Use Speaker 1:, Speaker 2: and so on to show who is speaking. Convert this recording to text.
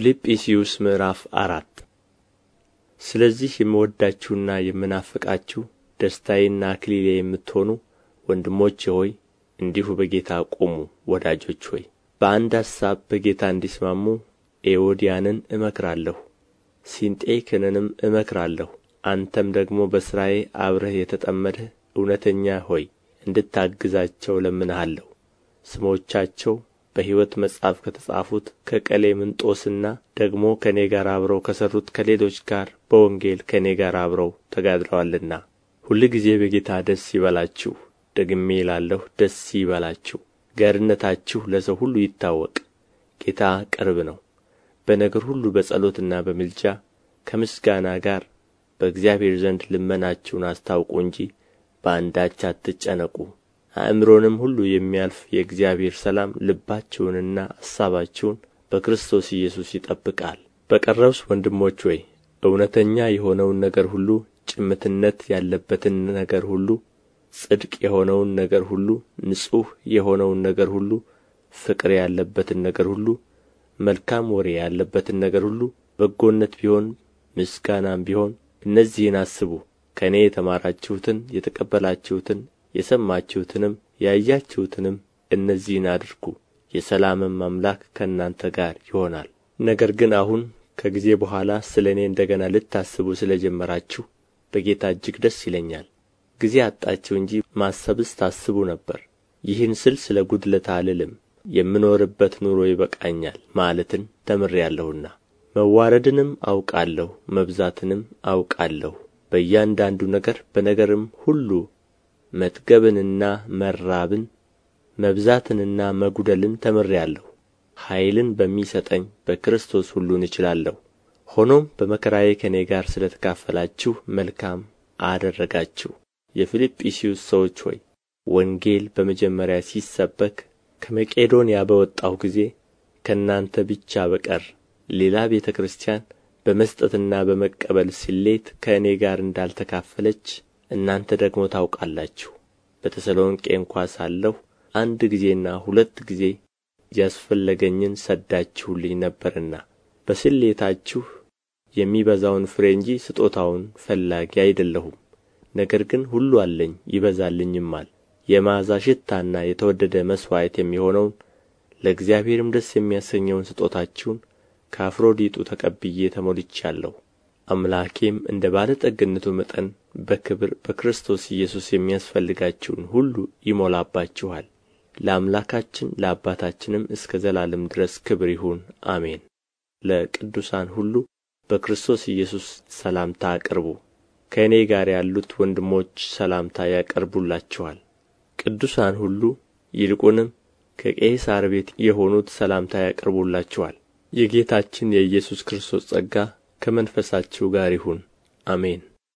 Speaker 1: ፊልጵስዩስ ምዕራፍ አራት ስለዚህ የምወዳችሁና የምናፍቃችሁ ደስታዬና አክሊሌ የምትሆኑ ወንድሞቼ ሆይ እንዲሁ በጌታ ቁሙ። ወዳጆች ሆይ በአንድ ሐሳብ በጌታ እንዲስማሙ ኤዎድያንን እመክራለሁ፣ ሲንጤክንንም እመክራለሁ። አንተም ደግሞ በሥራዬ አብረህ የተጠመድህ እውነተኛ ሆይ እንድታግዛቸው ለምንሃለሁ። ስሞቻቸው በሕይወት መጽሐፍ ከተጻፉት ከቀሌምንጦስና ደግሞ ከእኔ ጋር አብረው ከሠሩት ከሌሎች ጋር በወንጌል ከእኔ ጋር አብረው ተጋድለዋልና ሁልጊዜ በጌታ ደስ ይበላችሁ ደግሜ እላለሁ ደስ ይበላችሁ ገርነታችሁ ለሰው ሁሉ ይታወቅ ጌታ ቅርብ ነው በነገር ሁሉ በጸሎትና በምልጃ ከምስጋና ጋር በእግዚአብሔር ዘንድ ልመናችሁን አስታውቁ እንጂ በአንዳች አትጨነቁ አእምሮንም ሁሉ የሚያልፍ የእግዚአብሔር ሰላም ልባችሁንና አሳባችሁን በክርስቶስ ኢየሱስ ይጠብቃል በቀረውስ ወንድሞች ሆይ እውነተኛ የሆነውን ነገር ሁሉ ጭምትነት ያለበትን ነገር ሁሉ ጽድቅ የሆነውን ነገር ሁሉ ንጹሕ የሆነውን ነገር ሁሉ ፍቅር ያለበትን ነገር ሁሉ መልካም ወሬ ያለበትን ነገር ሁሉ በጎነት ቢሆን ምስጋናም ቢሆን እነዚህን አስቡ ከእኔ የተማራችሁትን የተቀበላችሁትን የሰማችሁትንም ያያችሁትንም እነዚህን አድርጉ የሰላምም አምላክ ከእናንተ ጋር ይሆናል ነገር ግን አሁን ከጊዜ በኋላ ስለ እኔ እንደ ገና ልታስቡ ስለ ጀመራችሁ በጌታ እጅግ ደስ ይለኛል ጊዜ አጣችሁ እንጂ ማሰብስ ታስቡ ነበር ይህን ስል ስለ ጉድለት አልልም የምኖርበት ኑሮ ይበቃኛል ማለትን ተምሬአለሁና መዋረድንም አውቃለሁ መብዛትንም አውቃለሁ በእያንዳንዱ ነገር በነገርም ሁሉ መጥገብንና መራብን መብዛትንና መጉደልን ተምሬአለሁ ኃይልን በሚሰጠኝ በክርስቶስ ሁሉን እችላለሁ ሆኖም በመከራዬ ከእኔ ጋር ስለ ተካፈላችሁ መልካም አደረጋችሁ የፊልጵስዩስ ሰዎች ሆይ ወንጌል በመጀመሪያ ሲሰበክ ከመቄዶንያ በወጣሁ ጊዜ ከእናንተ ብቻ በቀር ሌላ ቤተ ክርስቲያን በመስጠትና በመቀበል ስሌት ከእኔ ጋር እንዳልተካፈለች እናንተ ደግሞ ታውቃላችሁ በተሰሎንቄ እንኳ ሳለሁ አንድ ጊዜና ሁለት ጊዜ ያስፈለገኝን ሰዳችሁልኝ ነበርና በስሌታችሁ የሚበዛውን ፍሬ እንጂ ስጦታውን ፈላጊ አይደለሁም። ነገር ግን ሁሉ አለኝ ይበዛልኝማል። የመዓዛ ሽታና የተወደደ መሥዋዕት የሚሆነውን ለእግዚአብሔርም ደስ የሚያሰኘውን ስጦታችሁን ከአፍሮዲጡ ተቀብዬ ተሞልቻለሁ። አምላኬም እንደ ባለጠግነቱ መጠን በክብር በክርስቶስ ኢየሱስ የሚያስፈልጋችሁን ሁሉ ይሞላባችኋል ለአምላካችን ለአባታችንም እስከ ዘላለም ድረስ ክብር ይሁን አሜን ለቅዱሳን ሁሉ በክርስቶስ ኢየሱስ ሰላምታ አቅርቡ ከእኔ ጋር ያሉት ወንድሞች ሰላምታ ያቀርቡላችኋል ቅዱሳን ሁሉ ይልቁንም ከቄሳር ቤት የሆኑት ሰላምታ ያቀርቡላችኋል የጌታችን የኢየሱስ ክርስቶስ ጸጋ ከመንፈሳችሁ ጋር ይሁን አሜን